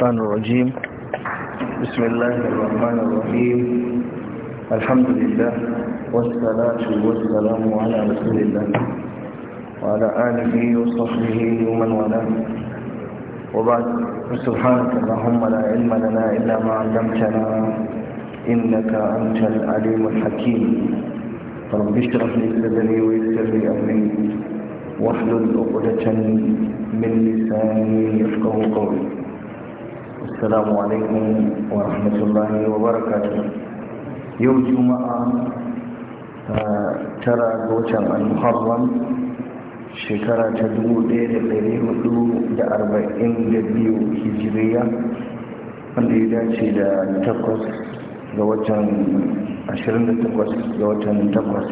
الشيطان الرجيم بسم الله الرحمن الرحيم الحمد لله والصلاة والسلام على رسول الله وعلى آله وصحبه ومن والاه وبعد سبحانك اللهم لا علم لنا إلا ما علمتنا إنك أنت العليم الحكيم فرب اشرح لي صدري ويسر لي أمري واحلل عقدة من لساني يفقه قولي السلام عليكم ورحمة الله وبركاته يوم جمعة ترى دوشا دوشم محرم شكرا تدو دير قريب دو دا أربعين دبيو هجرية wanda ya dace da takwas ga watan 28 ga watan takwas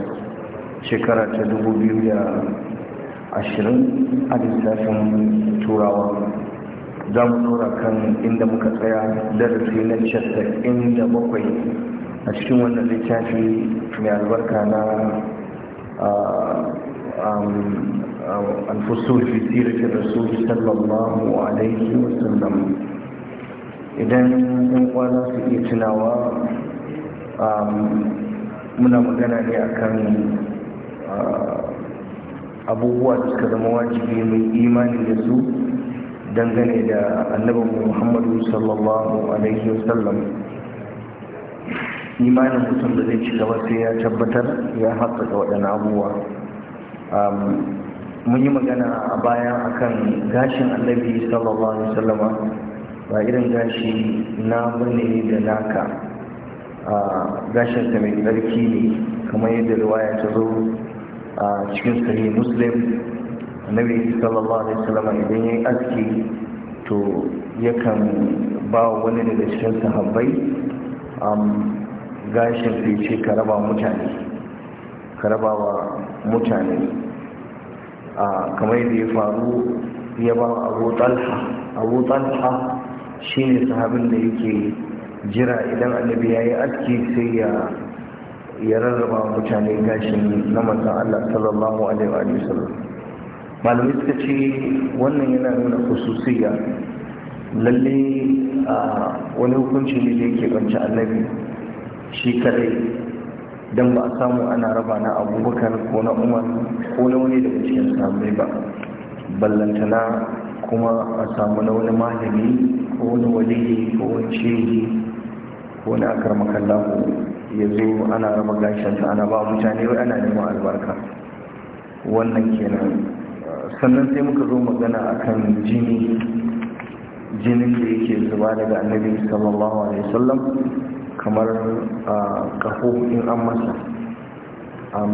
shekara ta 2020 a lissafin turawa za mu tura kan inda muka tsaya darasi na casa'in da bakwai a cikin wannan littafi mai albarka na alfusul fi siratin rasul sallallahu alaihi wasallam idan yan kwana su iya tunawa muna magana ne akan abubuwa da suka zama wajibi mai imani da su dangane da annabin muhammadu sallallahu alaihi wasallam imanin mutum da zai ci gaba sai ya tabbatar ya haƙaƙa waɗannan abubuwa um, mun yi magana a baya akan gashin annabi sallallahu alaihi wasallama ba irin gashi na ne da naka gashinsa mai tsarki ne kamar yadda riwaya ta zo a cikin sahih muslim annabi sallallahu alaihi wasallam idan yayi aski to yakan ba wani daga cikin sahabbai um, gashin fice ka raba mutane ka raba wa kamar yadda ya faru ya ba abu talha abu talha shi ne sahabin da yake jira idan annabi ya yi aski sai ya ya rarraba mutane gashin na manzan allah sallallahu alaihi wasallam malamai suka ce wannan yana nuna khususiyya lalle a wani hukunci ne da yake banci annabi shi kadai don ba a samu ana raba na abubakar ko na umar ko na wani daga cikin sahabbai ba ballantana kuma a samu na wani malami ko wani waliyi ko wani shehi ko wani akar makallahu ya zo ana raba gashinsa ana ba mutane wai ana neman albarka wannan kenan sannan sai muka zo magana akan jini jinin da yake zuba daga annabi sallallahu alaihi wasallam kamar kaho in an masa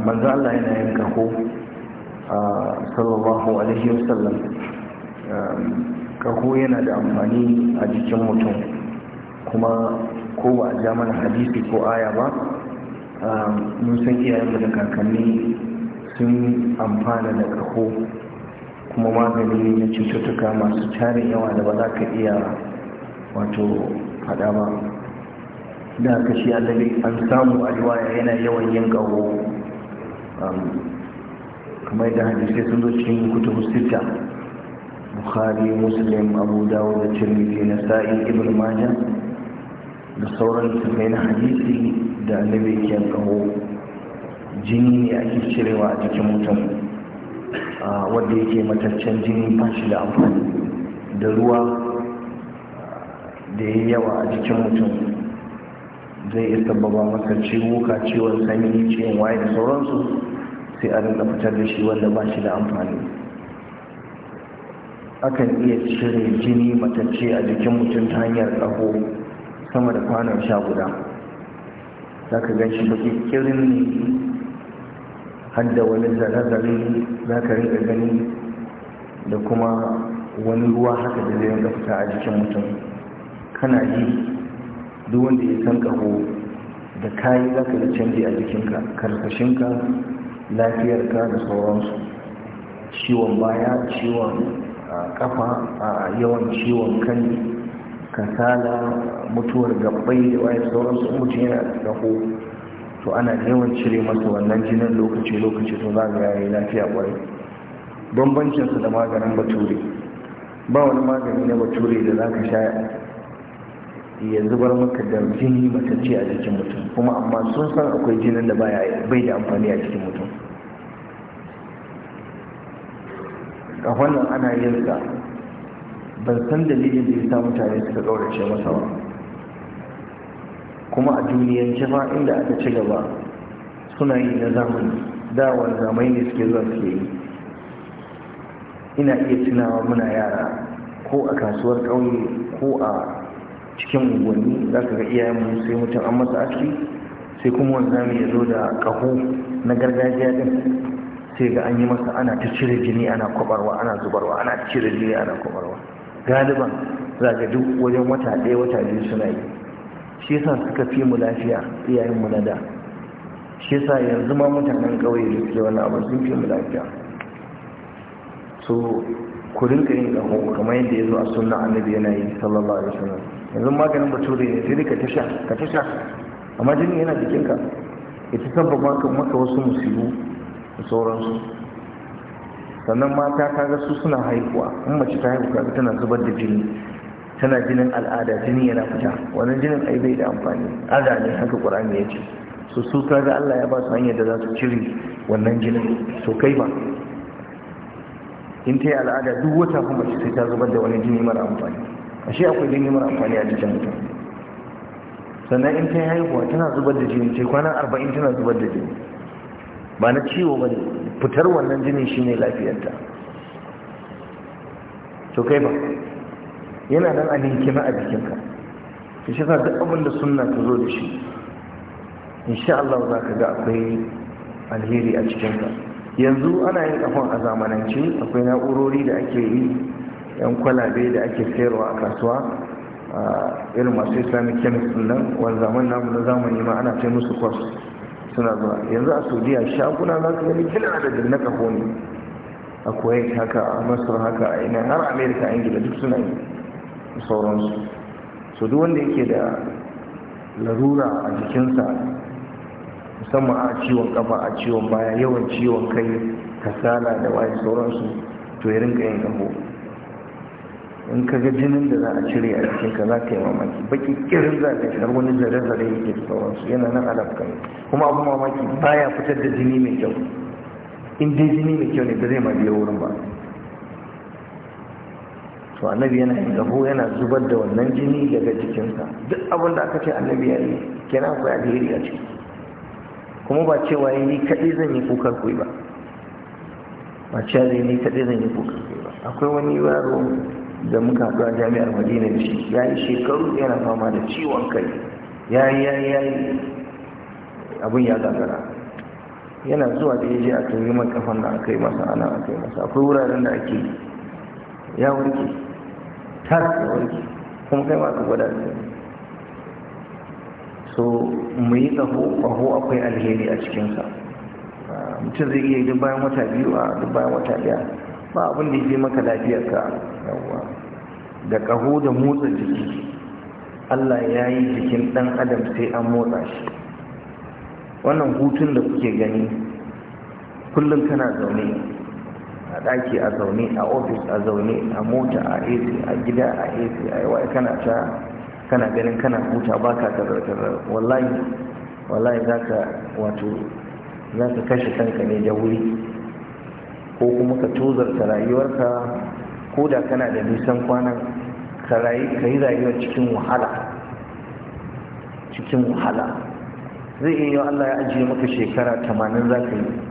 manzo Allah yana yin kaho sallallahu alaihi wasallam kaho yana da amfani a jikin mutum kuma ko ba a ja mana hadisi ko aya ba mun san iyayen da kakanni sun amfana da kaho kuma magani na cututtuka masu tarin yawa da ba za ka iya wato fada ba da ka shi annabi an samu alwaya yana yawan yin gawo kamar da hadisai sun zo cikin kutubu sita bukhari muslim abu dawo da cirmiti na sa'i ibn majah da sauran tafai na hadisi da annabi ke gawo jini ne ake cirewa a cikin mutum wanda yake mataccen jini bashi da amfani da ruwa da ya yawa a jikin mutum zai iya sababa masa ka ciwon sanyi ciwon waye da sauransu sai a rinka fitar da shi wanda ba shi da amfani akan iya cire jini matacce a jikin mutum ta hanyar ƙaho sama da kwanon sha guda za ka gan shi baki kirin ne hadda wani zare-zare za ka rika gani da kuma wani ruwa haka da zai rinka fita a jikin mutum kana ji duk wanda ya san kaho da kayi za ka yi canji a jikinka karkashinka lafiyarka da sauransu ciwon baya ciwon kafa a yawan ciwon kan kasala mutuwar gabbai da waye sauransu mutum yana da kaho to ana yawan cire masa wannan jinin lokaci lokaci to za ga yayi lafiya kwarai bambancinsa da maganin bature ba wani magani na bature da za ka sha yanzu bar maka da jini matacce a jikin mutum kuma amma sun san akwai jinin da baya bai da amfani a jikin mutum a wannan ana yin sa ban san dalilin da ya sa mutane suka kaurace masa ba kuma a duniyan jama inda aka ci gaba suna yi na zamani dawar zamai ne suke zuwa suke yi ina iya tunawa muna yara ko a kasuwar ƙauye ko a cikin unguwanni za ka ga iyayenmu sai mutum an masa aski sai kuma wanzami ya zo da ƙaho na gargajiya din sai ga an yi masa ana ta cire jini ana kwabarwa ana zubarwa ana cire jini ana kwabarwa galiban za ga duk wajen wata ɗaya wata biyu suna yi shi sa suka fi mu lafiya iyayen mu na da shi sa yanzu ma mutanen ƙauye da suke wani abu sun fi mu lafiya so ku rinka yin ƙaho kamar yadda ya zo a sunna annabi yana yi sallallahu alaihi wasallam yanzu maganin bature ne sai ka tasha ka tasha amma jini yana jikinka ita sabbaba kan maka wasu musibu da sauransu sannan mata kaga su suna haihuwa in mace ta haihu kaga tana zubar da jini tana jinin al'ada jini yana fita wannan jinin ai bai da amfani aza ne haka qur'ani ya ce so su kaga Allah ya ba su hanyar da za su cire wannan jinin to kai ba in ta yi al'ada duk wata kuma sai ta zubar da wani jini mara amfani shi akwai jini mara amfani a jikin mutum sannan in ta yi haihuwa tana zubar da jini sai kwana arba'in tana zubar da jini ba na ciwo ba ne fitar wannan jini shine lafiyarta to kai ba yana nan a linkima a jikinka ta shi sa duk abinda sunna ta zo da shi insha Allah za ka ga akwai alheri a cikinka yanzu ana yin kafan a zamanance akwai na'urori da ake yi yan kwalabe da ake sayarwa a kasuwa irin masu islamic chemist nan wani zaman namu na zamani ma ana kai musu kwas suna zuwa yanzu a saudiya shaguna za su gani kila adadin na kafo ne a kuwait haka a masar haka a ina har amerika ingila duk suna yi da sauransu su duk wanda yake da larura a jikinsa musamman a ciwon kafa a ciwon baya yawan ciwon kai kasala da waye sauransu to ya rinka yin gabo in ka ga jinin da za a cire a jikinka za ka yi mamaki baki kirin za ka shigar wani zare-zare yake da sauransu yana nan alafkan kuma abu mamaki baya fitar da jini mai kyau in dai jini mai kyau ne ba zai ma biya wurin ba to annabi yana yin kaho yana zubar da wannan jini daga jikinsa duk abin da aka ce annabi ya yi kenan akwai alheri a ciki kuma ba cewa ya ni kaɗai zan yi kukar kuwa ba ba cewa zai ni kaɗai zan yi kukar kuwa ba akwai wani yaro da muka haɗu a jami'ar madina da shi ya yi shekaru yana fama da ciwon kai ya yi ya yi ya yi abin ya gagara yana zuwa da ya je a yi man kafan da aka yi masa ana aka yi masa akwai wuraren da ake ya warke tas ya kuma kai ma gwada so mu yi akwai alheri a cikinsa ah, mutum zai iya duk bayan wata biyu a ah, duk bayan wata biya. ba abin da ya maka lafiyar ka yawa da ƙaho da motsa jiki allah ya yi jikin ɗan adam sai an motsa shi wannan hutun da kuke gani kullum kana zaune a ɗaki a zaune a ofis a zaune a mota a ac a gida a ac a yawa kana ta kana ganin kana huta ba ka tarar wallahi wallahi za ka wato za ka kashe kanka ne da wuri ko kuma ka tozarta rayuwarka ko da kana da nisan kwanan ka yi rayuwar cikin wahala cikin wahala zai iya Allah ya ajiye maka shekara tamanin za ka yi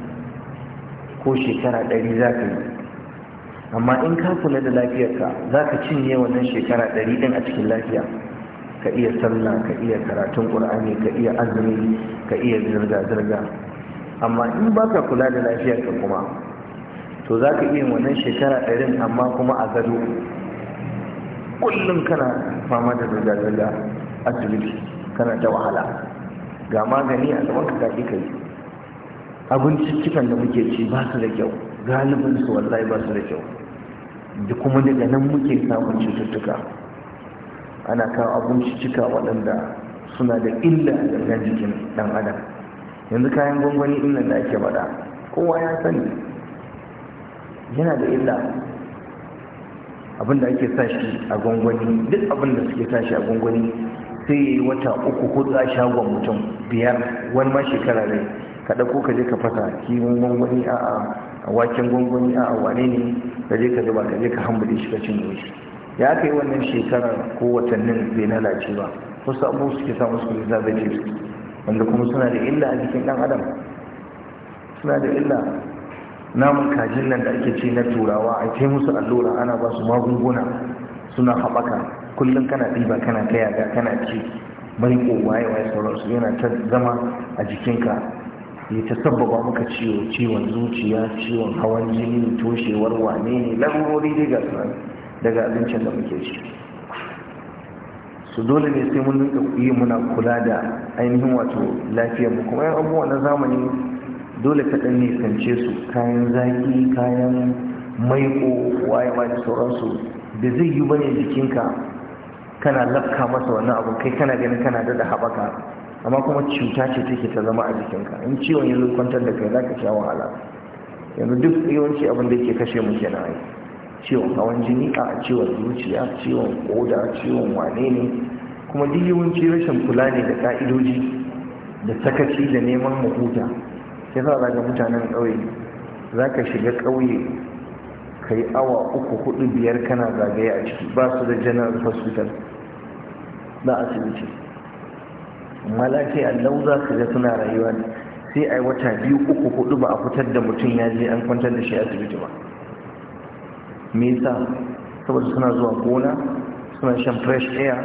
ko shekara ɗari za ka yi amma in ka kula da lafiyarka za ka cinye wannan shekara ɗari ɗin a cikin lafiya ka iya sallah ka iya karatun ƙur'ani ka iya azumi ka iya zirga-zirga amma in ba ka kula da lafiyarka kuma to za ka iya wannan shekara ɗarin amma kuma a gado kullum kana fama da zirga-zirga asibiti kana ta wahala ga magani a gaban ka kaɗi ka yi abincikikan da muke ci ba su da kyau galibin su wallahi ba su da kyau da kuma daga nan muke samun cututtuka ana kawo abincikika waɗanda suna da illa a gangan jikin ɗan adam yanzu kayan gwangwani ɗin nan da ake faɗa kowa ya sani yana da illa abinda ake shi a gwangwani duk abinda suke sa shi a gwangwani sai yi wata uku hudu a shagon mutum biyar wani ma shekara rai ka ɗauko ka je ka fasa kiwon gwangwani a a waken gwangwani a a wane ne ka je ka zuba ka je ka hambule shi ka cin shi ya aka yi wannan shekarar ko watannin bai lalace ba wasu abubuwa suke samu su wanda kuma suna da illa a jikin ɗan adam suna da illa namun kajin nan da ake ce na turawa a kai musu allura ana ba su magunguna suna haɓaka kullum kana ɗiba kana kaya ga kana ci mai ko waye waye sauransu yana ta zama a jikinka ya ta sabbaba muka ciwo ciwon zuciya ciwon hawan jini toshewar wane ne larurori daga daga abincin da muke ci su dole ne sai mun rinka yi muna kula da ainihin wato lafiyar mu. kuma yan abubuwa na zamani dole ka ɗan nisance su kayan zaki kayan maiko waye ma da sauransu da zai yi bane jikinka kana lafka masa wani abu kai kana ganin kana da haɓaka amma kuma cuta ce take ta zama a ka in ciwon yanzu kwantar da kai za ka sha wahala yanzu duk yawanci abin da ke kashe mu ke nan ciwon hawan jini a ciwon zuciya ciwon koda ciwon wane ne kuma duk yawanci rashin kula ne da ka'idoji da sakaci da neman mahuta ya sa za ga mutanen ƙauye za ka shiga ƙauye ka yi awa uku hudu biyar kana zagaye a ciki ba su da general hospital na asibiti malaki allau za su ga suna rayuwa ne sai a wata biyu uku hudu ba a fitar da mutum ya je an kwantar da shi asibiti ba me yasa saboda suna zuwa gona suna shan fresh air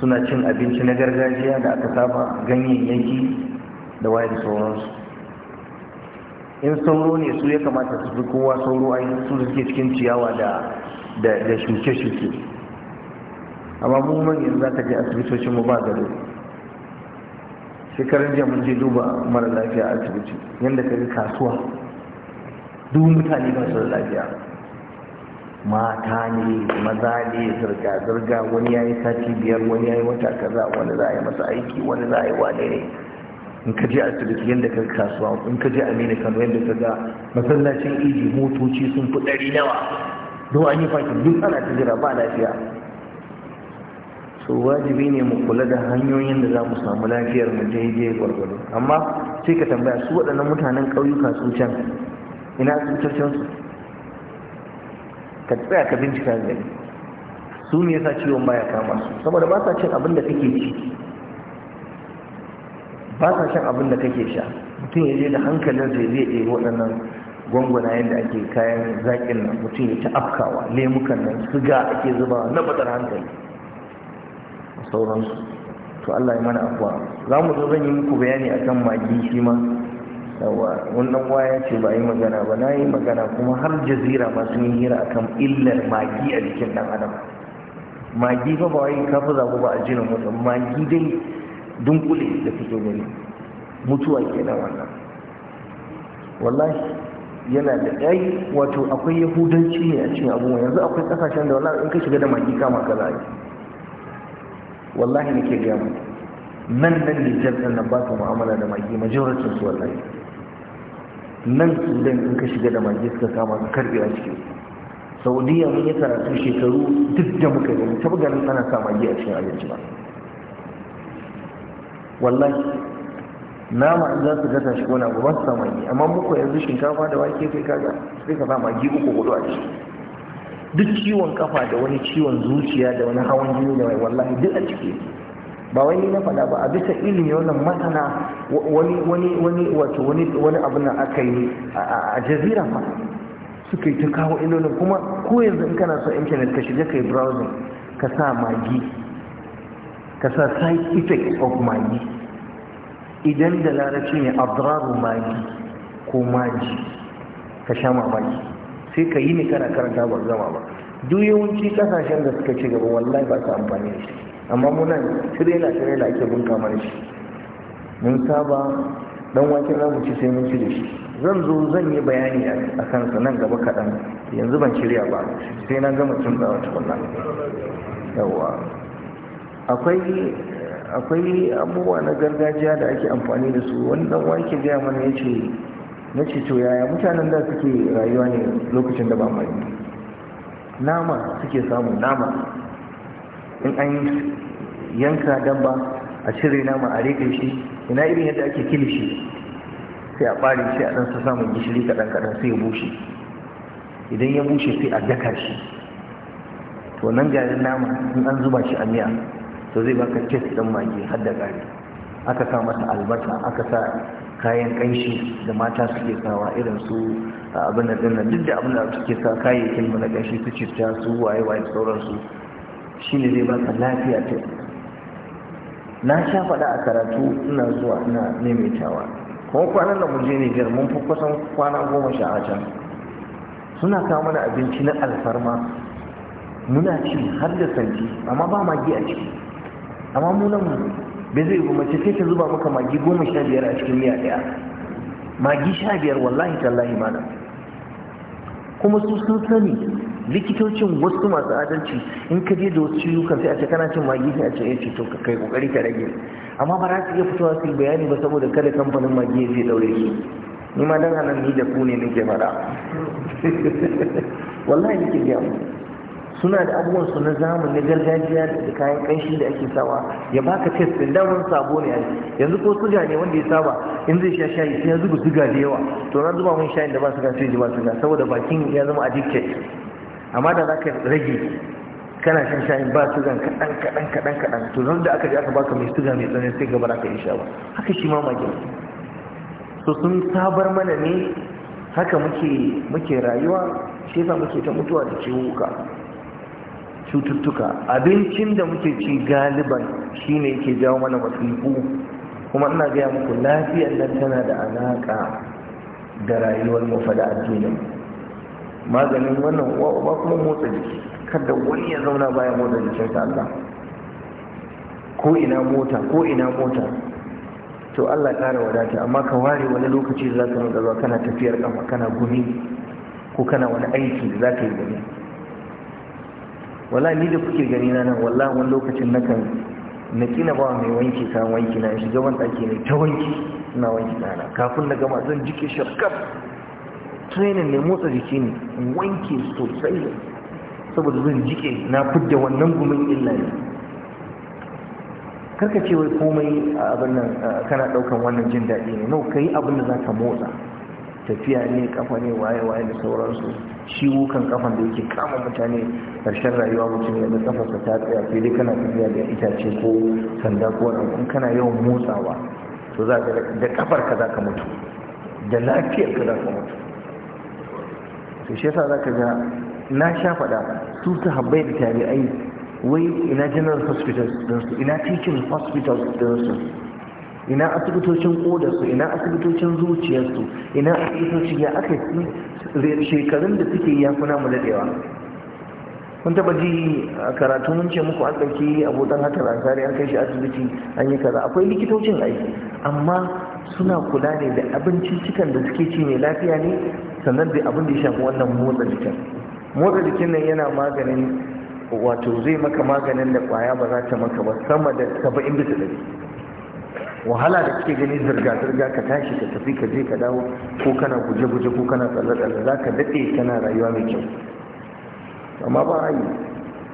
suna cin abinci na gargajiya da aka saba ganyayyaki da wayar sauransu in sauro ne su ya kamata su fi kowa sauro a su da suke cikin ciyawa da shuke-shuke amma mu yanzu za ka je asibitocinmu mu ba gado shekarun jiya mun je duba mara lafiya a asibiti yadda ka yi kasuwa duk mutane ba su da lafiya mata ne maza ne zirga-zirga wani ya yi sati biyar wani ya yi wata kaza wani za a yi masa aiki wani za a yi wane ne in ka je asibiti yadda ka kasuwa in ka je amina kano yadda ka ga masallacin iji motoci sun fi ɗari nawa don an yi fakin duk ana ta jira ba lafiya so wajibi ne mu kula da hanyoyin da za mu samu lafiyar mu daidai gwargwado amma sai ka tambaya su waɗannan mutanen ƙauyuka su can ina su can su ka tsaya ka bincika gari su ne yasa ciwon baya kama su saboda ba sa cin abin da kake ci ba sa shan abin da kake sha mutum ya je da hankalin ya zai ɗaya waɗannan gwangwana yadda ake kayan zaƙin nan mutum ya ci afkawa lemukan nan siga ake zubawa na batar hankali sauransu to Allah ya mana afuwa za mu zo zan yi muku bayani akan magi shi ma yawa wani dan waya ce ba yi magana ba na yi magana kuma har jazira ma sun yi hira akan illar magi a jikin dan adam magi fa ba wai kafa zago ba a jinin mutum magi dai dunkule da fito gani mutuwa kenan wannan wallahi yana da yayi wato akwai yahudanci ne a cikin abubuwa yanzu akwai kasashen da wallahi in ka shiga da magi kama kaza yi wallahi ke gaya mu nan nan ne ɗin nan ba su mu'amala da magi majoratin su wallahi nan Sudan in ka shiga da magi suka kama ka karbe a ciki Saudiya mun yi karatu shekaru duk da muka yi ta buga nan ana sa magi a cikin abinci ba wallahi nama in za su ga shi wani abu ba su sa magi amma muku yanzu shinkafa da wake kai kaga sai ka sa magi uku hudu a ciki duk ciwon kafa da wani ciwon zuciya da wani hawan jini da mai wallahi duk a ciki ba wai ni na faɗa ba a bisa ilimi wannan masana wani wani wani wato wani wani abu na aka yi a jazira ma. suka yi ta kawo ilolin kuma ko yanzu in kana so internet ka shiga kai browsing ka sa magi ka sa side effects of magi idan da larabci ne adraru magi ko maji ka sha mamaki sai ka yi ne kana karanta ba zama ba duk yawanci kasashen da suka ci gaba wallahi ba su amfani da shi amma muna tirela tirela ake bunka mana shi mun saba dan wake na mu ci sai mun ci da shi zan zo zan yi bayani a kansa nan gaba kaɗan yanzu ban shirya ba sai na gama cin wata wannan yawa akwai akwai abubuwa na gargajiya da ake amfani da su wani dan wake gaya mana ya ce na ce to yaya mutanen da suke rayuwa ne lokacin da ba mai nama suke samu nama in an yanka dabba a cire nama a rike shi ina irin yadda ake kilishi sai a bare shi a ɗansa samun gishiri kaɗan kaɗan sai ya bushe idan ya bushe sai a daka shi to nan garin nama in an zuba shi a miya to zai baka kes ɗin mage har da ƙari aka sa mata albasa aka sa kayan ƙanshi da mata suke sawa irin su abin da dinna duk da abin da suke sa kayayyakin mu na ƙanshi su cifta su waye waye sauransu shine zai baka lafiya ta na sha faɗa a karatu ina zuwa ina maimaitawa kuma kwanan da mun je Nijar mun fi kusan kwana goma sha a can suna kawo mana abinci na alfarma muna ci har da santi amma ba magi a ciki amma mu bai zai ba mace sai ta zuba maka magi goma sha biyar a cikin miya daya magi sha biyar wallahi tallahi mana kuma su sun sani likitocin wasu masu adalci in ka je da wasu ciwukan sai a ce kana cin magi sai a ce yace eh, to ka kai kokari ka rage amma ba za su iya fitowa su bayani ba saboda kada kamfanin magi ya zai daure su ni ma dan anan ni da ku ne nake fara wallahi nake gaya suna da abubuwan su na zamani na gargajiya da kayan kanshi da ake sawa ya baka test din damar sabo ne yanzu ko suga ne wanda ya saba in zai sha shayi sai ya zuba suga da yawa to na zuba mun shayin da ba suga sai ji ba suga saboda bakin ya zama addicted amma da zaka rage kana shan shayin ba sugan kaɗan kaɗan kaɗan kaɗan to nan da aka ji aka baka mai suga mai tsanani sai gaba ka insha ba haka shi ma magin to sun sabar mana ne haka muke muke rayuwa shi yasa muke ta mutuwa da ciwuka cututtuka abincin da muke ci galiban shi ne yake jawo mana masifu kuma ina gaya muku lafiyar nan tana da alaƙa da rayuwar mu da addinin maganin wannan uwa ba kuma motsa jiki kada wani ya zauna baya motsa ta Allah ko ina mota ko ina mota to Allah ƙara wadata amma ka ware wani lokaci da za ka zuwa kana tafiyar kafa kana gumi ko kana wani aiki da za ka yi gumi wala ni da kuke gani na nan wallahi wani lokacin na kan na kina ba mai wanki kayan wanki na shiga wani ɗaki ne ta wanki na wanki na kafin na gama zan jike shafkar training ne motsa jiki ne wanke sosai saboda zan jike na fidda wannan gumin illa ne karka ce wai komai a abin nan kana ɗaukan wannan jin daɗi ne no ka yi abin da za ka motsa tafiya ne kafa ne waye waye da sauransu wukan kafan da yake kama mutane karshen rayuwa mutum ya ga kafarsa ta tsaya sai dai kana tafiya da itace ko sanda ko wani in kana yawan motsawa to za ka da kafar ka za ka mutu da lafiyar ka za ka mutu to shi yasa za ka ga na sha faɗa su ta habbai da tari'a wai ina general hospitals su ina teaching hospitals su. ina asibitocin su ina asibitocin zuciyarsu ina asibitocin ya aka yi shekarun da suke ya yankuna mu daɗewa kun taba ji a karatu mun ce muku an ɗauki abokan hatar ansari an kai shi asibiti an yi kaza akwai likitocin aiki amma suna kula ne da cikin da suke ci mai lafiya ne sannan da abin da ya shafi wannan motsa jikin motsa jikin nan yana maganin wato zai maka maganin da kwaya ba za ta maka ba sama da saba'in bisa ɗari wahala da kake gani zirga-zirga ka tashi ka tafi ka je ka dawo ko kana guje-guje ko kana tsalle-tsalle za ka daɗe kana rayuwa mai kyau amma ba a yi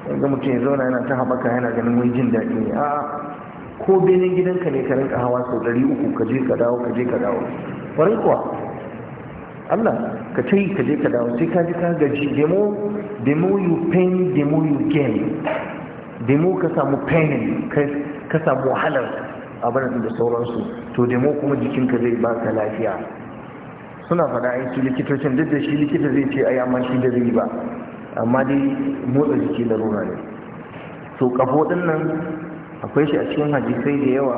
yanzu mutum ya zauna yana ta haɓaka yana ganin wani jin daɗi ne a'a ko benin gidanka ne ka rinka hawa sau ɗari uku ka je ka dawo ka je ka dawo ƙwarai kuwa Allah ka ta yi ka je ka dawo sai ka ji ka gaji demo demo you pain demo you gain demo ka samu pain ka samu wahalar abin da sauransu to demo kuma jikinka zai baka lafiya suna faɗa ai su likitocin duk da shi likita zai ce a amma shi da zai ba amma dai motsa jiki da larura ne to kafo din nan akwai shi a cikin hadisai da yawa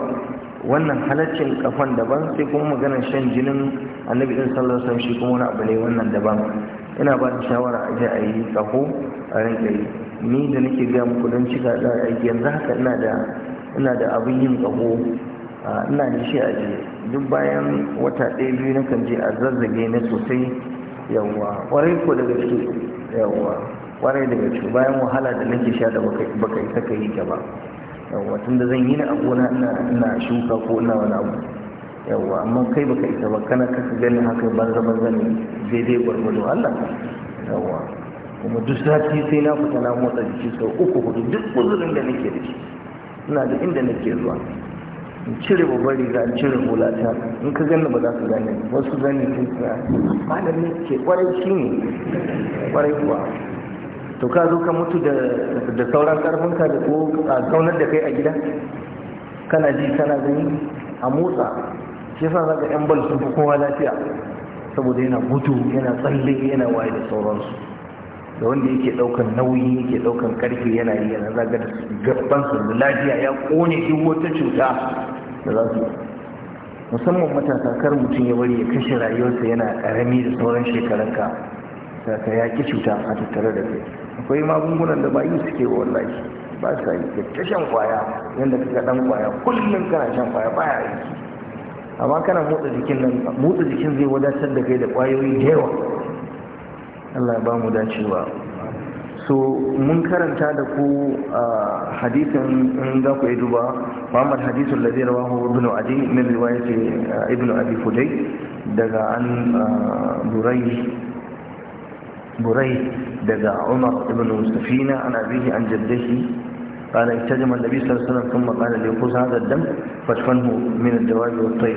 wannan halaccin kafan daban sai kuma maganar shan jinin annabi din sallallahu alaihi shi kuma wani abu ne wannan daban ina ba da shawara a je a yi kafo a rinka yi ni da nake ga muku don cika da aiki yanzu haka ina da ina da abin yin tsaho ina da shi a je duk bayan wata ɗaya biyu na kan je a zazzage na sosai yawwa ƙwarai ko daga ciki yawwa ƙwarai daga ciki bayan wahala da nake sha da baka yi saka yi ta ba yawwa tun da zan yi na abona ina shuka ko ina wani abu yawwa amma kai baka isa ba kana kasa ganin haka banza banza ne daidai gwargwado Allah yawwa kuma duk sati sai na fita na motsa jiki sau uku hudu duk kuzurin da nake da shi ina da inda nake zuwa in cire ba riga in cire hulata in ka gani ba za su gani wasu gani sun tsaya malami ke kwarai shi ne kwarai kuwa to ka zo ka mutu da sauran karfinka da ko a kaunar da kai a gida kana ji kana gani a motsa shi yasa za ka yan bal sun fi kowa lafiya saboda yana gudu yana tsalle yana waye da sauransu da wanda yake daukan nauyi yake daukan karfi yana yi yana zaga da gaban su da lafiya ya kone duk wata cuta da za su musamman matasa kar mutum ya bari ya kashe rayuwarsa yana karami da sauran shekarunka ka ya ki cuta a tattare da kai akwai magungunan da ba yi suke wallahi ba sa yi ka shan kwaya yadda ka dan kwaya kullum kana shan kwaya ba ya aiki amma kana motsa jikin nan motsa jikin zai wadatar da kai da kwayoyi da yawa Allah ba mu dacewa so mun karanta da ku hadisin in za ku yi duba muhammad hadisun da zai rawahu ibn adi min riwayati ibn abi fudai daga an burai daga umar ibn safina an abihi an jaddahi قال احتجم النبي صلى الله عليه وسلم ثم قال ليقوز هذا الدم فاشفنه من الدواب Annabi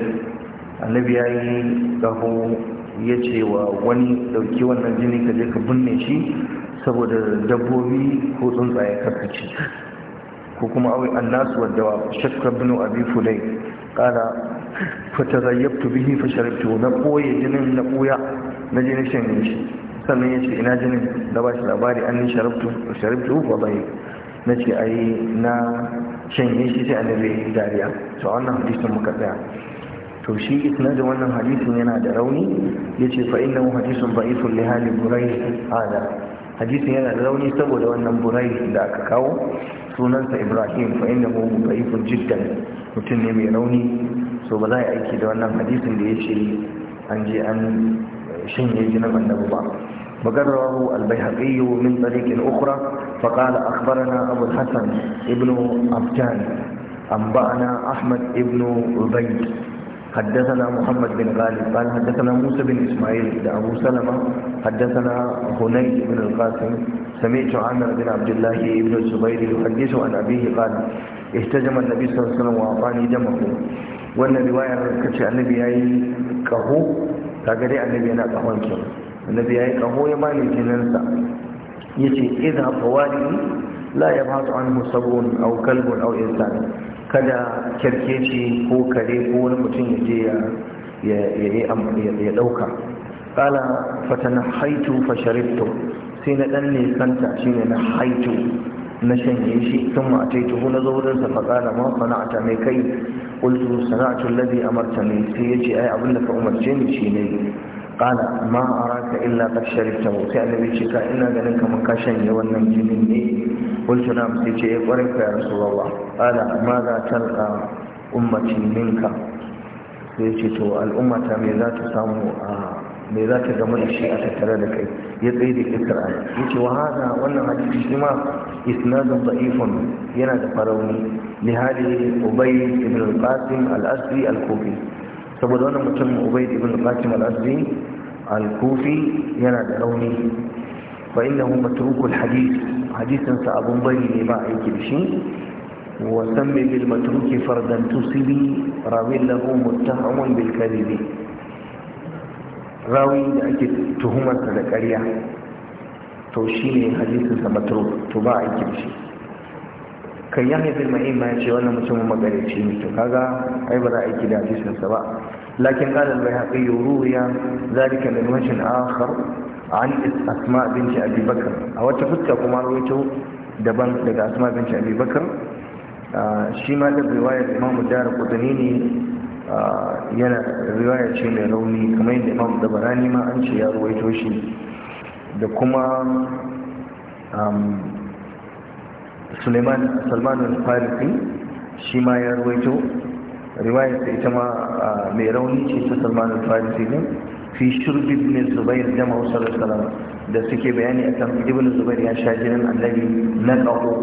النبي yi له ya ce wa wani ɗauki wannan jini ka je ka binne shi saboda dabbobi ko tsuntsaye karkaci ko kuma awai annasu wadda wa shakka binu abi fulai kala fata zayyabtu bihi fa sharibtu na koye jinin na koya na jinin shan shi sannan ya ce ina jinin da ba shi labari an ni sharibtu wa bai na ce ayi na shanye shi sai annabi dariya to wannan hadisin muka tsaya to shi isnadin wannan hadisin yana da rauni Ya yace fa innahu hadisun da'ifun li hali burai hada hadisin yana da rauni saboda wannan burai da aka kawo sunansa ibrahim fa innahu da'ifun jiddan mutum ne mai rauni so ba za a yi aiki da wannan hadisin da ya ce an je an shanye jinin annabi ba وقرره البيهقي من طريق أخرى فقال أخبرنا أبو الحسن ابن أبتان أنبأنا أحمد ابن عبيد حدثنا محمد بن غالب قال حدثنا موسى بن إسماعيل أبو سلمة حدثنا هنيد بن القاسم سمعت عامر بن عبد الله بن الزبير يحدث عن أبيه قال اهتجم النبي صلى الله عليه وسلم وأعطاني دمه wannan riwayar ka ce annabi ya yi ƙaho kaga dai annabi yana ƙahon ke annabi ya yi ƙaho ya bani jininsa ya ce idan haka wani la ya fata an musabun au kalbun au insan kada kyarkeci ko kare ko wani mutum ya je ya ɗauka kala fata na haitu fasharito sai na ɗan nisanta shi ne na haitu na shanye shi sun tuhu na zo fa faƙala ma sana'ata mai kai ƙultu sana'atu ladi amarta ne sai ya ce ai abin da ka umarce ni shi ne qala ma araka illa qad sharibta sai annabi ina ganin kamar ka shanye wannan jinin ne qultu sai ce eh, ya kwarai ka ya rasulullah qala ma za talqa ummati minka sai ce to al'ummata me za ta gama da shi a tattare da kai ya tsaye da kisar aya ya ce wa hada wannan hadisi shi ma isnadun da'ifun yana da farauni Lihali, hali ubay ibn al asri al-kufi saboda wannan mutum ubaid ibn qasim al-azdi al-kufi yana da rauni fa innahu matrukul hadith hadisin sa abun bari ne ba aiki da shi wa sammi bil matruki fardan tusibi rawi lahu muttahamun bil kadhibi rawi da ake tuhumar da ƙarya to shine hadisin sa matruk to ba aiki da shi kan yi bin ma'in ima ya ce wannan mutumin magareci ne to kaga ai ba za a yi kida hadisin sa ba lakin qala al-bayhaqi ruwiya zalika min wajhin akhar an asma binti a bakr a wata fuska kuma rawaito daban daga asma binti abi bakr shi ma da riwayar imamu dara kudani ne yana riwaya ce mai rauni kamar yadda imamu dabarani ma an ce ya ruwaito shi da kuma suleiman salman farisi shi ma ya ruwaito riwayar da ita ma mai rauni ce ta salman al-farisi ne fi shurbi ne zubair da salam da suke bayani a kan ibn zubair ya sha jinin annabi na ƙaho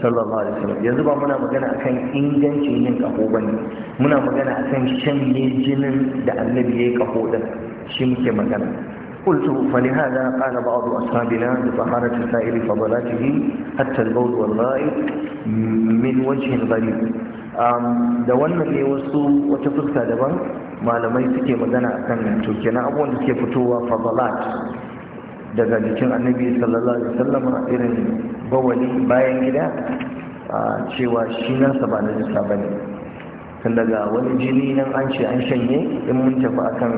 sallallahu alaihi wasallam yanzu ba muna magana akan ingancin yin ƙaho ba ne muna magana akan shan ne jinin da annabi ya yi ƙaho ɗin shi muke magana قلت فلهذا قال بعض أصحابنا بطهارة سائل فضلاته حتى البول والغائب من وجه غريب da wannan ne wasu wata fuska daban malamai suke magana a kan to kenan abubuwan suke fitowa fadalat daga jikin annabi sallallahu alaihi wasallam irin bawali bayan gida A cewa shi nasa ba na jisa ba ne tun daga wani jini nan an ce an shanye in mun tafi akan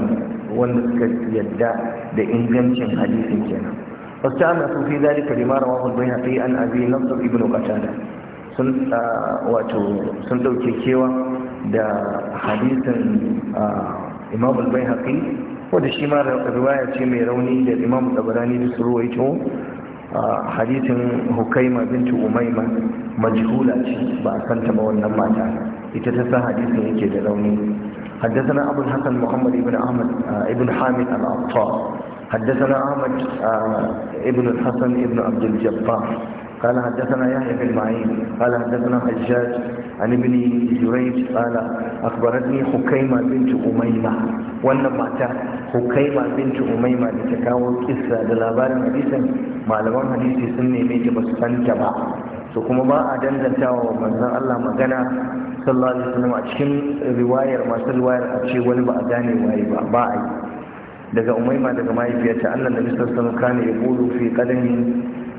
wanda suka yadda da ingancin hadisi kenan fasta'ana sun fi zalika bima rawahu al-bayhaqi an abi nasr ibn qatada sun ah, wato sun dauke kewa da hadisin ah, imam al-bayhaqi wanda shi ma riwaya ce mai rauni da imam tabarani da su ah, hadisin hukaima bintu Umai, majhula ce ba a santa ba wannan mata ita ta sa hadisin yake da rauni حدثنا أبو الحسن محمد بن أحمد آه، ابن حامد العطار حدثنا أحمد آه، بن الحسن بن عبد الجبار قال حدثنا يحيى بن معين قال حدثنا حجاج عن ابن جريج قال اخبرتني حكيمه بنت اميمه wannan mata hukaima bintu umaima da ta kawo kissa da labarin hadisin malaman hadisi sun neme ta ba su ba to kuma ba a dangantawa wa manzon Allah magana sallallahu alaihi wasallam a cikin riwayar masu riwayar a ce wani ba a ba ba daga umaima daga mahaifiyarta annan da sallallahu alaihi kane ya yaqulu fi qadami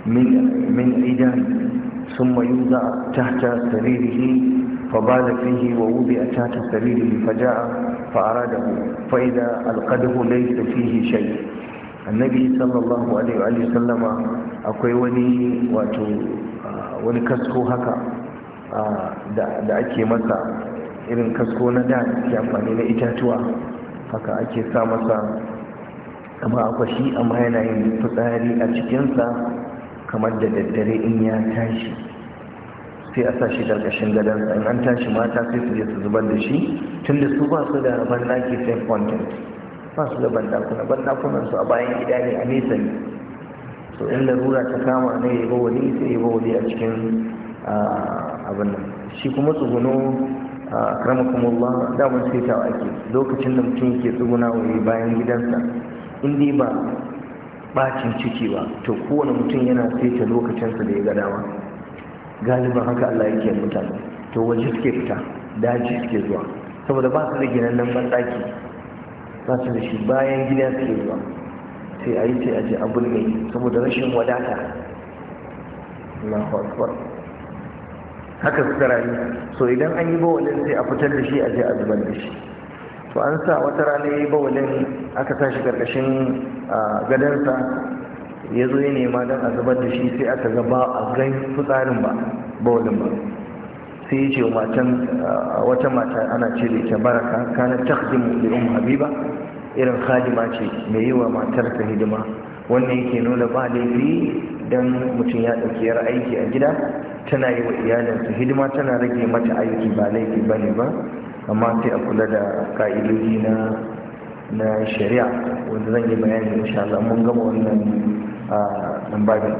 من من عيدان ثم يوضع تحت سريره فبال فيه ووضع تحت سريره فجاء فأراده فإذا ألقده ليس فيه شيء النبي صلى الله عليه wa وسلم akwai wani واتو wani kasko haka da ake masa irin kasko na da ke amfani na itatuwa haka ake sa masa kama akwashi amma yana yin fitsari a cikinsa kamar da daddare in ya tashi sai a sashi karkashin gadansa in an tashi mata sai su je su zubar da shi tun da su ba su da bandaki sai content ba su da bandakuna bandakunan su a bayan gida ne a nesa ne so in larura ta kama na ya wani sai ya wani a cikin abin nan shi kuma tsuguno a kramakumullah damar sai ta ake lokacin da mutum yake tsuguna wani bayan gidansa in ba bacin ciki ba to kowane mutum yana saita lokacinsa da ya ga dama galiban haka Allah yake mutane to waje suke fita daji suke zuwa saboda ba su da ginan nan banɗaki ba su da shi bayan gida suke zuwa sai a yi sai a je abu ne saboda rashin wadata Na akbar haka suka rayu so idan an yi bawalin sai a fitar da shi a je a zubar da shi to an sa wata rana ya yi bawalin aka tashi karkashin gadansa ya zo ya nema don a zubar da shi sai aka ga ba a gan fitsarin ba bawalin ba sai ya ce wata mata ana ce da ita baraka kana takhdimu li um habiba irin hadima ce mai yi wa matar ta hidima wannan yake nuna ba laifi don mutum ya ɗauki yar aiki a gida tana yi wa iyalinsa hidima tana rage mata aiki ba laifi ba ne ba amma sai a kula da ka'idoji na na shari'a wanda zan yi bayani insha Allah mun gama wannan nan babin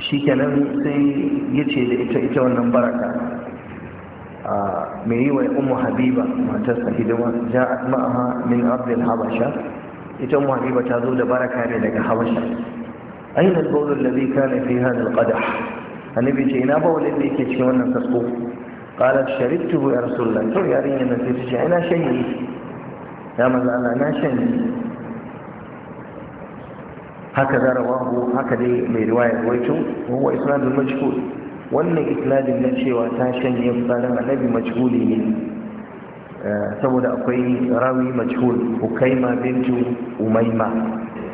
shi kenan sai ya ce da ita ita wannan baraka mai yi wa umu habiba matarsa hidima ja'at ma'aha min ardil habasha ita umu habiba ta zo da baraka ne daga habasha aina al da zai kana fi hadha al annabi ce ina bawlin da yake cikin wannan kasko qalat sharibtuhu ya rasulullah to yarinya nan sai ta ce ina shanye ya manzo Allah na shanye haka da rawahu haka dai mai riwaya waito huwa isnadul majhul wannan isnadin na cewa ta shanye fitsarin annabi majhuli ne saboda akwai rawi majhul hukaima bintu umaima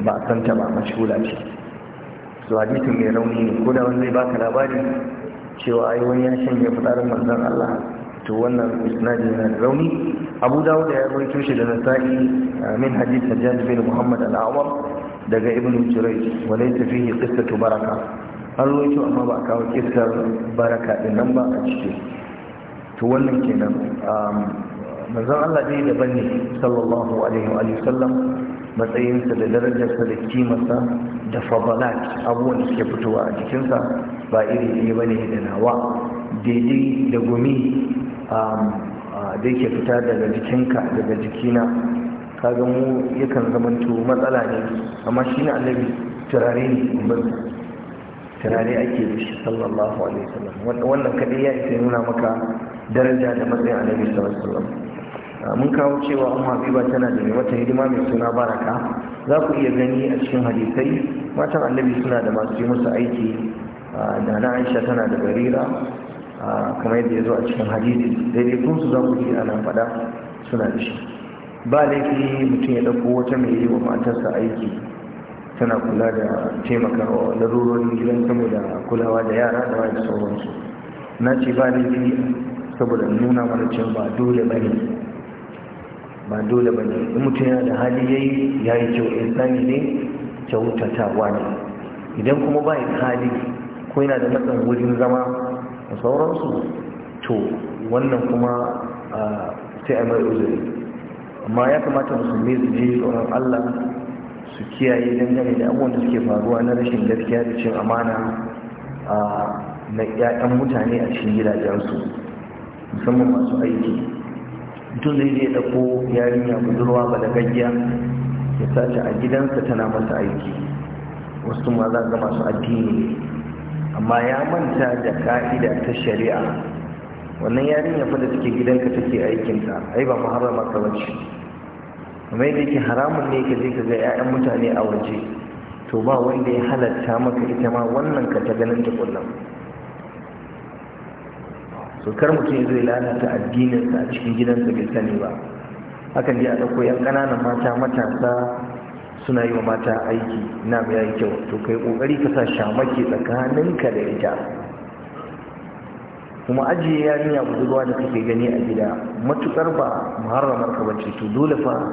ba a santa ba majhula ce su hadisin mai rauni ne ko da wani zai baka labari cewa ai wani ya shanye fitsarin manzon Allah to wannan isnadi na da rauni Abu Dawud ya rawaito shi da Nasa'i min hadith Hajjaj bin Muhammad al-Awwal daga Ibn Wani wa laysa fihi qissatu baraka an rawaito amma ba a kawo kissar baraka din nan ba a ciki to wannan kenan um, manzon Allah dai daban ne sallallahu alaihi wa sallam matsayinsa da darajarsa da kimarsa da fadalat abubuwan da suke fitowa a jikinsa ba iri ne ba ne da nawa daidai da gumi um, uh, da yake fita daga jikinka daga jikina kaga mu yakan zamanto matsala ne amma shi ne annabi turare ne ban turare ake da shi sallallahu alaihi wasallam wannan kadai ya isa nuna maka daraja da matsayin annabi sallallahu alaihi wasallam mun kawo cewa umma habiba tana da wata mata hidima mai suna baraka za ku iya gani a cikin hadisai matan annabi suna da masu yi musu aiki da na aisha tana da barira kamar yadda ya zo a cikin hadisi daidai kun su za ku ji ana faɗa suna da shi ba laifi mutum ya ɗauko wata mai yi wa matarsa aiki tana kula da taimakawa larurorin gidan da kulawa da yara da wani sauransu na ce ba laifi saboda nuna mana cewa ba dole bane ba dole ba ne in mutum yana da hali ya yi ya yi kyau insani ne kyautatawa ne idan kuma ba ya hali ko yana da matsan wurin zama da sauransu to wannan kuma sai a mai uzuri amma ya kamata musulmi su je tsoron allah su kiyaye dangane da abubuwan da suke faruwa na rashin gaskiya da cin amana na 'ya'yan mutane a cikin gidajensu musamman masu aiki mutum zai je ɗauko yarinya budurwa ba da gajiya ya sace a gidansa tana masa aiki wasu ma za ga masu addini amma ya manta da ka'ida ta shari'a wannan yarinya fa da take gidanka take aikinta ai ba muharrama ka bace amma yadda yake haramun ne ka je ka ga 'ya'yan mutane a waje to ba wanda ya halatta maka ita ma wannan ka ta ganin ta kullum so kar mutum ya zo ya lalata addininsa a cikin gidansa bai sani ba hakan dai a ɗauko yan ƙananan mata matasa suna yi wa mata aiki na mai yayi kyau to kai ƙoƙari ka sa shamaki tsakaninka da ita kuma ajiye yarinya budurwa da kake gani a gida matukar ba muharramar ka bace to dole fa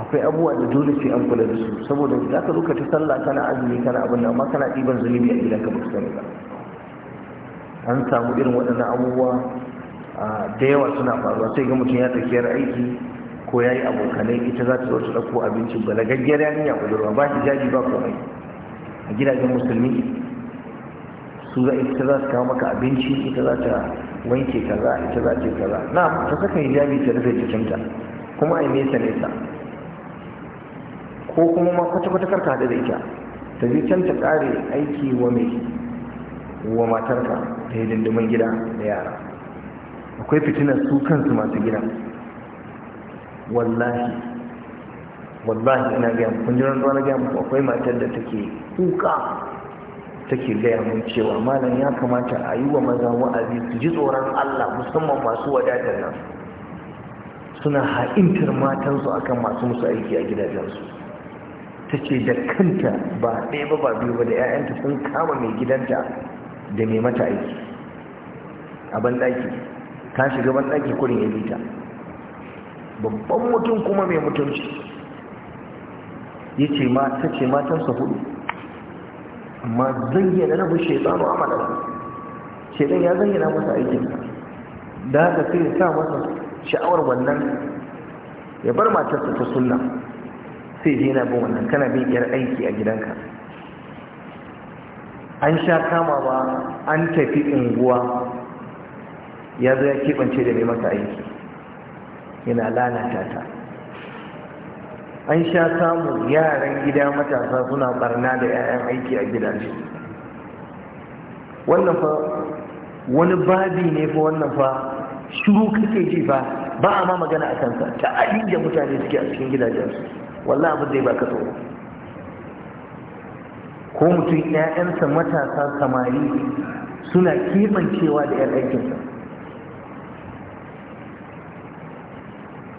akwai abubuwa da dole sai an kula da su saboda za ka zo ta sallah kana azumi kana abin da amma kana ɗiban zunubi a gidanka ba ka sani ba an samu irin waɗannan abubuwa da yawa suna faruwa sai ga mutum ya tsakiyar aiki ko ya yi abokanai ita za ta zo ta ɗauko abincin ba da gaggiyar yarinya budurwa ba shi jaji ba mai a gidajen musulmi su za ita za ta kawo maka abinci ita za ta wanke kaza ita za ta kaza na ta saka hijabi ta rufe jikinta kuma a nesa nesa ko kuma ma kwata kwata karka haɗu da ita ta je can ta ƙare aiki wa mai wa matarka yi dindimin gida da yara akwai fitinar su kansu masu gida wallahi wallahi ina gaya mu jiran ruwa na gaya muku akwai matar da take kuka take gaya mun cewa malam ya kamata a yi wa maza wa'azi su ji tsoron Allah musamman masu wadatar nan suna ha'intar matansu akan masu musu aiki a gidajensu ta ce da kanta ba ɗaya ba ba biyu ba da 'ya'yanta sun kama mai gidanta da mai mata aiki a banɗaki ta shiga banɗaki kurin ya bita babban mutum kuma mai mutunci ya ce ma ta ce matansa hudu amma zayyana bushe tsano a madara shaitan ya zayyana masa aikinsa da haka sai ya sa masa sha'awar wannan ya bar matarsa ta sunna sai je na bin wannan kana bin yar aiki a gidanka an sha kama ba an tafi unguwa ya zo ya keɓance da mai maka aiki yana lalata ta an sha samu yaran gida matasa suna barna da 'ya'yan aiki a gidaje wannan fa wani babi ne fa wannan fa shiru kake ji fa ba a ma magana a kansa ta da mutane suke a cikin gidajensu wallahi abin zai baka tsoro ko mutum 'ya'yansa matasa samari suna kimancewa da 'yan aikinsa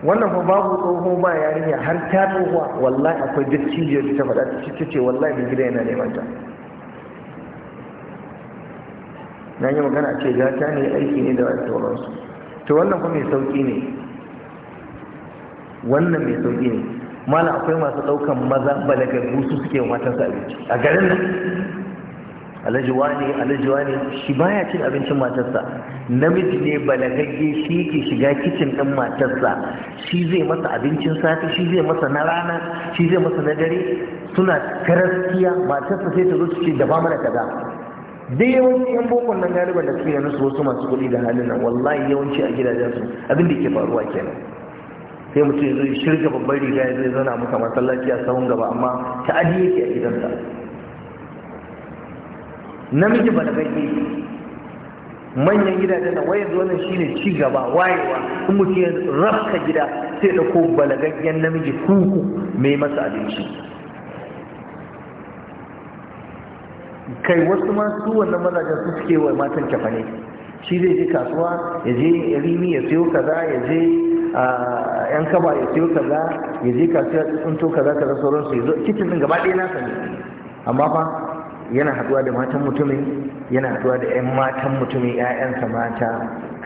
wannan fa babu tsoho ba yarinya har ta tsohuwa wallahi akwai cijiyar da ta faɗa ta ce wallahi mai gida yana neman ta na yi magana ce ta ne aiki ne da sauransu to wannan fa mai sauƙi ne wannan mai sauƙi ne mana akwai masu ɗaukan maza balagaggu su suke matan abinci a garin nan alajiwa ne alajiwa ne shi baya cin abincin matarsa namiji ne balagagge shi ke shiga kicin ɗin matarsa shi zai masa abincin safe shi zai masa na rana shi zai masa na dare suna karaskiya matarsa sai ta zo su ce dafa mana kaza dai yawanci yan bokon nan galiban da suke ya su wasu masu kuɗi da halin nan wallahi yawanci a gidajen su abin da ke faruwa kenan sai mutum zai shirka babbar riga ya zai zana maka masallaci a sahun gaba amma ta adi yake a gidansa namiji ba da baki manyan gidajen da wayar nan shine ci gaba wayewa in mutum ya rafka gida sai da ko balagaggen namiji kuku mai masa abinci kai wasu masu wannan mazajen su suke wa matan cafane shi zai je kasuwa ya je rimi ya siyo kaza ya je ah, yan kaba ya siyo kaza ya je kasuwa tsinto kaza kaza sauransu ya zo kicin din gaba ɗaya nasa ne amma fa yana haɗuwa da matan mutumin yana haɗuwa da yan matan mutumin 'ya'yansa mata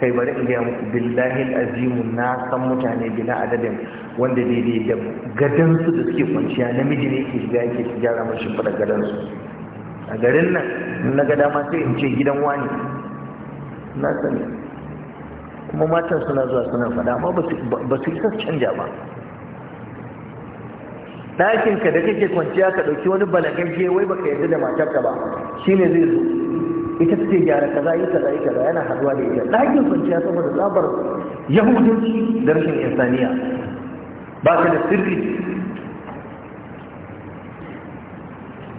kai bari in gaya muku billahi azimu na san mutane bila adadin wanda daidai da gadansu da suke kwanciya namiji ne ke shiga yake su gyara mashi fada gadansu a garin nan na ga dama sai in ce gidan wani na sani kuma matan suna zuwa suna fada amma ba su isa canja ba ɗakinka da kake kwanciya ka ɗauki wani balagagge wai baka yarda da matarka ba shine zai zo ita take gyara kaza yi kaza yi kaza yana haduwa da ita ɗakin kwanciya saboda tsabar yahudanci da rashin insaniya ba ka da sirri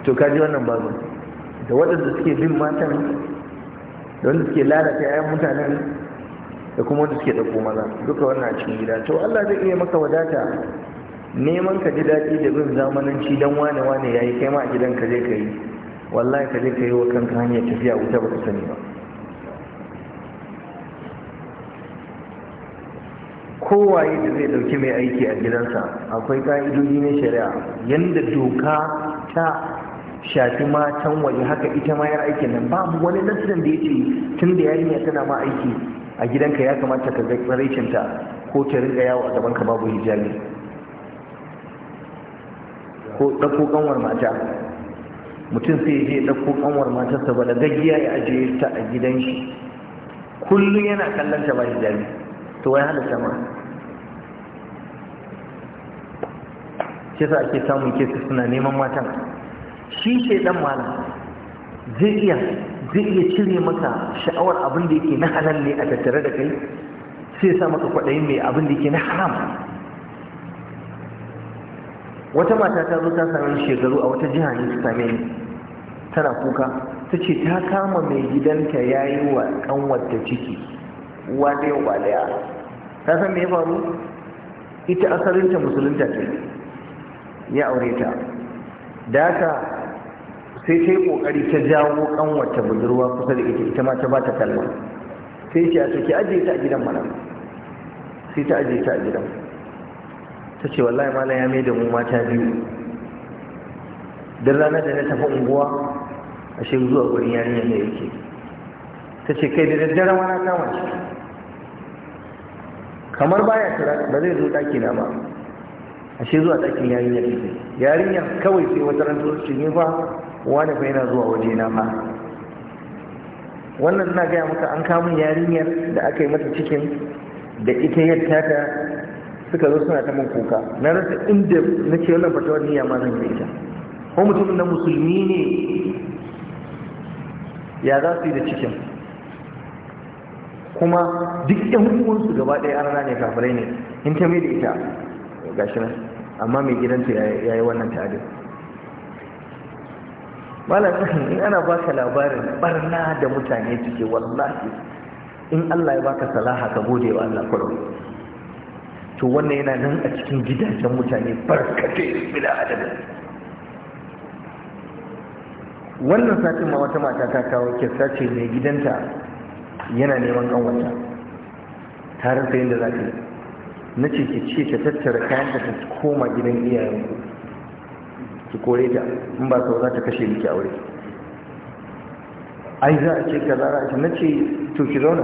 to kaji wannan babu da waɗanda suke bin matan da wanda suke lalata 'ya'yan mutanen da kuma wanda suke ɗauko maza duka wannan a cikin gida to Allah zai iya maka wadata neman ka ji daɗi da bin zamananci dan wane wane yayi kai ma a gidan ka je ka wallahi ka je ka yi wa kanka tafiya wuta ba ka sani ba kowaye da zai dauki mai aiki a gidansa akwai ka'idoji na shari'a yanda doka ta shafi matan waje haka ita ma yar aikin nan babu wani nassin da ya ce tun da yarinya tana ma aiki a gidanka ya kamata ka ga tsaraicinta ko ta ringa yawo a gabanka babu hijabi ko ɗauko ƙanwar mata mutum sai ya je ya ɗauko ƙanwar matarsa ba da gajiya ya ajiye ta a gidan shi kullum yana kallon ta ba hijabi to wai halatta ma sa ake samun kesa suna neman matan shi ce dan malam zai iya zai iya cire maka sha'awar abin da yake na halal ne a tattare da kai sai sa maka kwaɗayin mai abin da yake na haram wata mata ta zo ta sami shekaru a wata jiha ne ta same tana kuka ta ce ta kama mai gidanta ya yi wa ƙanwarta ciki uwa wadaya ta san me ya faru ita asalinta musulunta ce ya aure ta da haka sai ta yi kokari ta jawo kanwata budurwa kusa da ita ita ma ta bata kalma sai ce a to ki ajiye ta a gidan mana sai ta ajiye ta a gidan ta ce wallahi malam ya mai da mu mata biyu dan ranar da na tafi unguwa a shi zuwa gurin yarinya ne yake ta ce kai da daddare wani kama shi kamar baya tura ba zai zo daki na ba a shi zuwa dakin yarinya yarinya kawai sai wata ran zuwa shi ne fa wani fa yana zuwa waje na ma wannan na gaya maka an kamun yarinyar da aka yi mata cikin da ita yadda taka suka zo suna ta kuka na rasa inda na ce wannan fata wani ma zan yi ita ko mutumin na musulmi ne ya za su yi da cikin kuma duk yan hukumarsu gaba ɗaya an rana ne kafirai ne in ta mai da ita gashi nan amma mai gidanta ya yi wannan ta'adin malamin in ana baka labarin barna da mutane suke wallahi in Allah ya baka salaha ka gode wa Allah kullum to wannan yana nan a cikin gidajen mutane barkate bila adadin wannan satin ma wata mata ta kawo kirsa ce mai gidanta yana neman kanwata ta rasa yadda za ta yi na ce ke ce ta tattara kayan ta koma gidan iyayenku ki kore ta in ba sau za ta kashe miki aure ai za a ce ka zara ta nace to ki zauna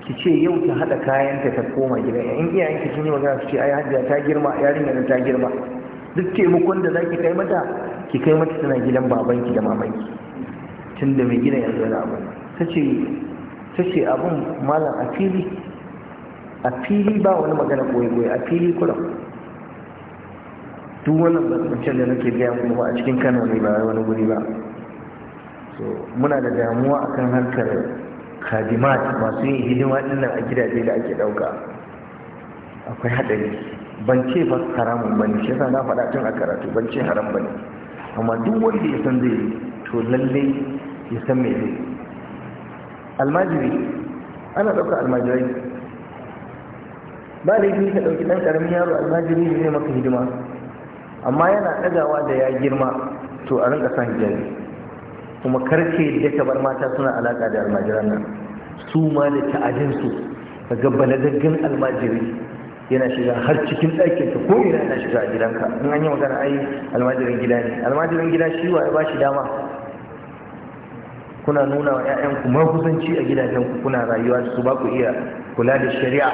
ki ce yau ta haɗa kayanta ta koma gida in iyayenki sun yi magana su ce ai hajiya ta girma yarinya ta girma duk taimakon da za ki kai mata ki kai mata tana gidan babanki da mamanki tun da mai gina yanzu da abin ta ce abin malam a fili ba wani magana goye-goye a fili kuram duk wannan batsancen da nake gaya kuma ba a cikin kano ne ba wani guri ba so muna da damuwa akan harkar kadimat masu yin hidima dinnan a gidaje da ake dauka akwai hadari ban ce ba haramun bane shi yasa na faɗa tun a karatu ban ce haram bane amma duk wanda ya san zai to lalle ya san me zai almajiri ana dauka almajirai ba laifi ka dauki dan karamin yaro almajiri ne maka hidima amma yana ɗagawa da ya girma to a rinka san hijabi kuma karke da bar mata suna alaƙa da almajiran nan su ma da ta'adinsu gabbala daggan almajiri yana shiga har cikin ɗakin ka ko ina yana shiga a gidanka in an yi magana ai almajirin gida ne almajirin gida shi wa ba shi dama kuna nuna wa 'ya'yanku ma kusanci a gidajenku kuna rayuwa da su ba ku iya kula da shari'a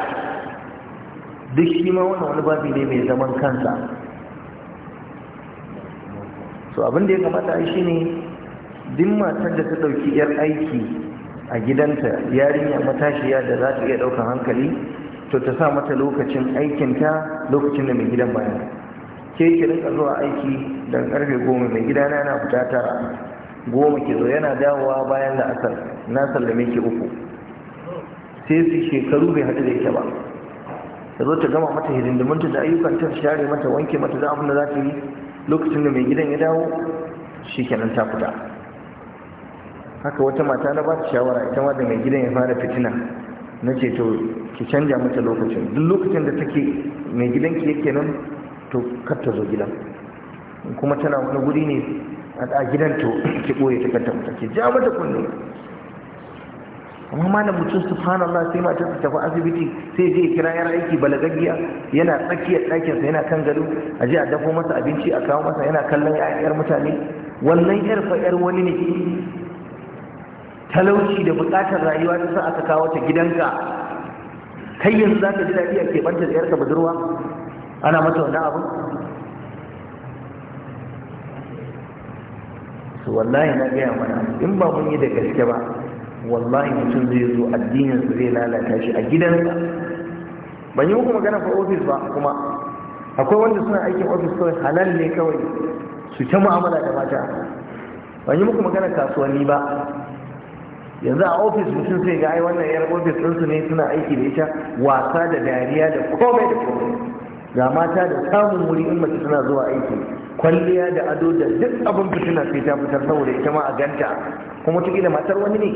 duk shi ma wannan wani babi ne mai zaman kansa to abin da ya kamata shi shine din matar da ta ɗauki yar aiki a gidanta yarinya matashiya da za ta iya daukan hankali to ta sa mata lokacin aikinta lokacin da mai gidan bayan ke rinka zuwa aiki don karfe goma mai gida na yana fita tara goma ke zo yana dawowa bayan da asar na sallame ke uku sai su shekaru bai haɗu da ita ba ta zo ta gama mata hidindiminta da ayyukan ta share mata wanke mata da abin da za ta yi lokacin da mai gidan ya dawo shi kenan ta fita haka wata mata na ba ta shawara ita ma da mai gidan ya fara fitina na ce to ki canja mata lokacin duk lokacin da take mai gidan ki yake nan to kar ta zo gidan kuma tana wani guri ne a gidan to ki ɓoye ta kanta ki ja mata kunne amma malam mutum subhanallah sai matar ta tafi asibiti sai je kira yar aiki balagaggiya yana tsakiyar ɗakinsa yana kan gado a je a dafo masa abinci a kawo masa yana kallon yar mutane wannan yar fa yar wani ne talauci da buƙatar rayuwa ta sa aka kawo ta gidanka kai yanzu za ka ji daɗi a keɓanta da yarka budurwa ana mata wannan abu wallahi na gaya mana in ba mun yi da gaske ba wallahi mutum zai zo su zai lalata shi a gidansa ban yi muku magana fa ofis ba kuma akwai wanda suna aikin ofis kawai halal ne kawai su ta mu'amala da mata ban yi muku magana kasuwanni ba yanzu a ofis mutum sai ga ai wannan yar ofis ɗinsu ne suna aiki da ita wasa da dariya da komai da komai ga mata da samun wuri in mace tana zuwa aiki kwalliya da ado da duk abin fitina fi ta fitar saboda ita ma a ganta kuma wataƙila matar wani ne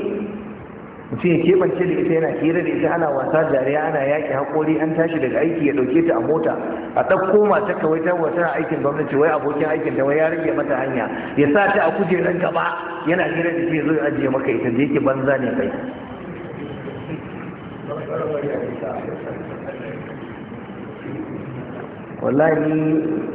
mutum ya keɓance da ita yana hira da ita ana wasa dariya ana yaƙi haƙori an tashi daga aiki ya ɗauke ta a mota a ɗauko matar kawai ta wata aikin gwamnati wai abokin aikin ta wai ya rage mata hanya ya sa ta a nan gaba yana hira da ita ya zo ya ajiye maka ita da yake banza ne kai wallahi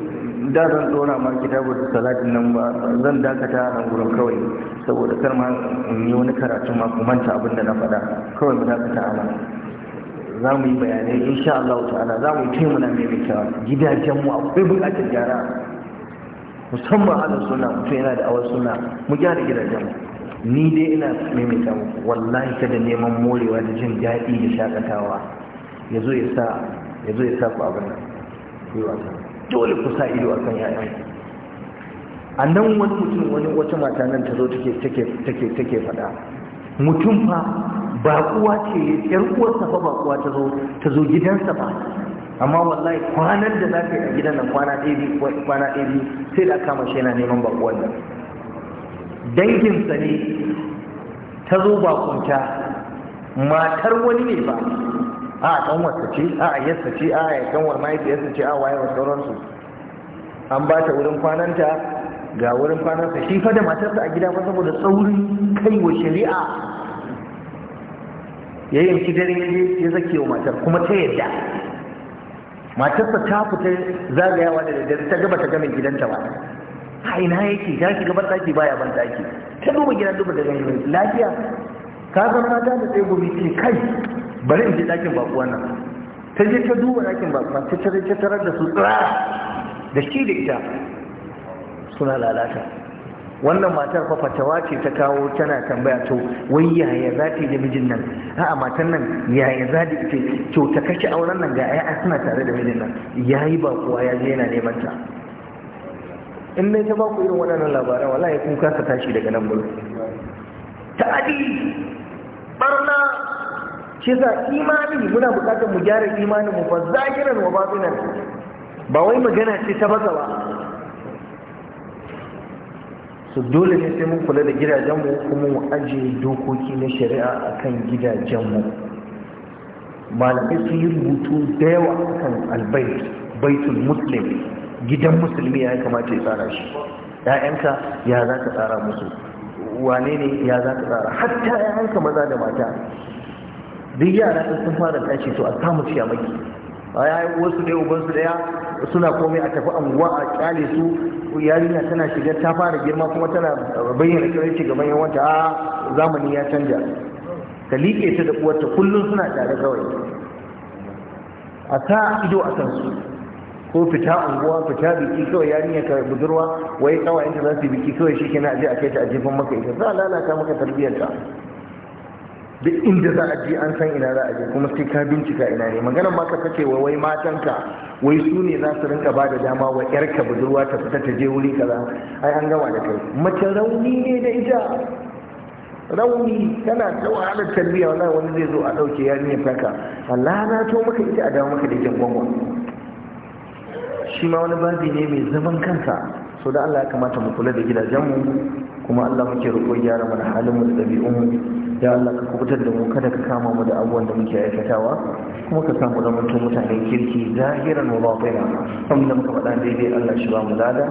da zan dora ma kitabu da salatin nan ba zan dakata a nan gurin kawai saboda kar ma in yi wani karatu ma ku manta abin da na faɗa kawai mu dakata a nan za mu yi bayanai insha Allah ta'ala za mu yi mu mai mai kyawa gidajen mu akwai buƙatar gyara musamman halin suna mutum yana da awar suna mu gyara gidajen mu ni dai ina maimaita muku wallahi kada neman morewa da jin daɗi da shakatawa ya zo ya sa ku abin nan ku yi wasa dole ku sa ido akan ya'yanku. a nan wani mutum wani wata mata nan ta zo take fada mutum fa ba kuwa ce yar uwarsa fa ba kuwa ta zo ta zo gidansa ba amma wallahi kwanan da za ka yi a gidan nan kwana ɗaya kwana ɗaya sai da kama shi yana neman kuwa nan danginsa ne ta zo kunta matar wani ne ba a kan wasu ce a a yassa ce a ya kanwar mahaifiyarsa ce a waye wasu sauransu an ba ta wurin kwananta ga wurin kwananta shi fa da matarsa a gida ba saboda saurin kai wa shari'a ya yanki dare ya zake wa matar kuma ta yadda matarsa ta fita zagayawa da daddare ta gaba ta gamin gidanta ba a ina yake ta shiga ban daki baya ban daki ta duba gidan duba da ganin lafiya ka zama ta da tsaye gobe ce kai bari in je dakin bakuwa nan ta je ta duba dakin bakuwa ta tare ta tarar da su tsara da shi da ita suna lalata wannan matar fa fatawa ce ta kawo tana tambaya to wai yaya za ta yi da mijin nan a'a matar nan yaya za ta ita to ta kashe auren nan ga ya'ya suna tare da mijin nan yayi yi bakuwa ya je yana neman ta in dai ta ba ku irin waɗannan labaran wallahi kun kasa tashi daga nan gurin adi barna shi yasa imani muna bukatar mu gyara imanin mu ba zahiran wa batinan ba wai magana ce ta baza ba su dole ne sai mun kula da gidajenmu kuma mu ajiye dokoki na shari'a akan gidajenmu malamai sun yi rubutu da yawa akan albayt baitul muslim gidan musulmi ya kamata ya tsara shi ya'yanka ya za ka tsara musu wane ne ya za ka tsara hatta ya'yanka maza da mata duk yara sun fara tashi to a samu shi a yayi wasu ɗaya ubansu ɗaya suna komai a tafi anguwa a kyale su yarinya tana shiga ta fara girma kuma tana bayyana kiranci ga manyan wata a zamani ya canja ka liƙe ta da uwarta kullum suna tare kawai a ta ido a kansu ko fita anguwa fita biki kawai yarinya ka budurwa wai kawai inda za su yi biki kawai shi kenan a je a kai ta a jefan maka ita za a lalata maka ta duk inda za a je an san ina za a je kuma sai ka bincika ina ne maganar ma ka ce wa wai matanka wai su ne za su rinka ba da dama wa ƴarka budurwa ta fita ta je wuri kaza ai an gama da kai mace rauni ne da ita rauni tana da wahalar tarbiyya wallahi wani zai zo a dauke yarinyar faka Allah na to maka ita a dawo maka da jan shi ma wani babi ne mai zaman kansa so da Allah ya kamata mu kula da gidajenmu kuma Allah muke roƙo gyara mana halin mu da ɗabi'un mu ya Allah ka kubutar da mu kada ka kama mu da abubuwan da muke aikatawa kuma ka samu da mutum mutanen kirki zahiran wa batina abinda muka faɗa daidai Allah shi ba mu lada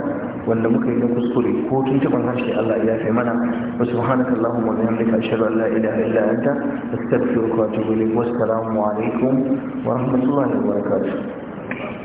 wanda muka yi na kuskure ko tun taban harshe Allah ya fi mana wa subhanaka allahumma wa bihamdika ashhadu an la ilaha illa anta astaghfiruka wa atubu ilayk wa assalamu alaikum wa rahmatullahi wa barakatuh